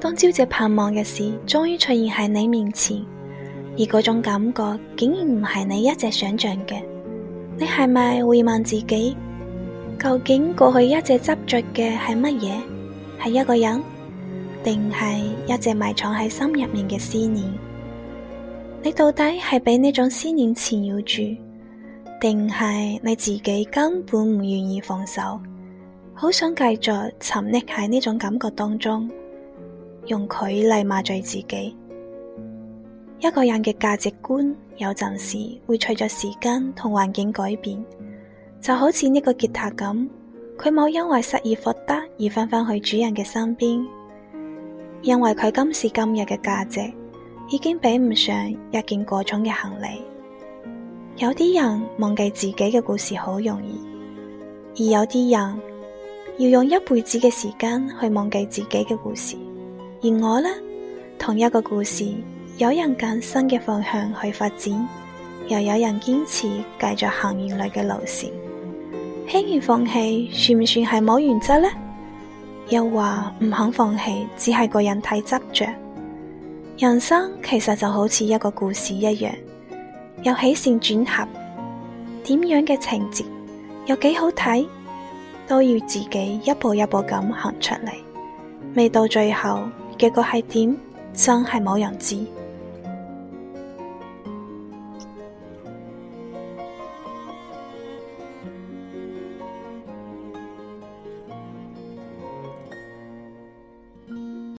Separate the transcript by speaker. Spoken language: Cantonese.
Speaker 1: 當朝夕盼望嘅事終於出現喺你面前，而嗰種感覺竟然唔係你一直想象嘅，你係咪會問自己，究竟過去一直執着嘅係乜嘢？係一個人，定係一直埋藏喺心入面嘅思念？你到底係俾呢種思念纏繞住，定係你自己根本唔願意放手，好想繼續沉溺喺呢種感覺當中？用佢嚟麻醉自己。一個人嘅價值觀，有陣時會隨着時間同環境改變，就好似呢個吉他咁，佢冇因為失而復得而翻返去主人嘅身邊，因為佢今時今日嘅價值已經比唔上一件過重嘅行李。有啲人忘記自己嘅故事好容易，而有啲人要用一輩子嘅時間去忘記自己嘅故事。而我呢，同一個故事，有人揀新嘅方向去發展，又有人堅持繼續行原來嘅路線。輕易放棄算唔算係冇原則呢？又話唔肯放棄，只係個人太執着。人生其實就好似一個故事一樣，有起承轉合，點樣嘅情節，有幾好睇？都要自己一步一步咁行出嚟，未到最後。結局係點，真係冇人知。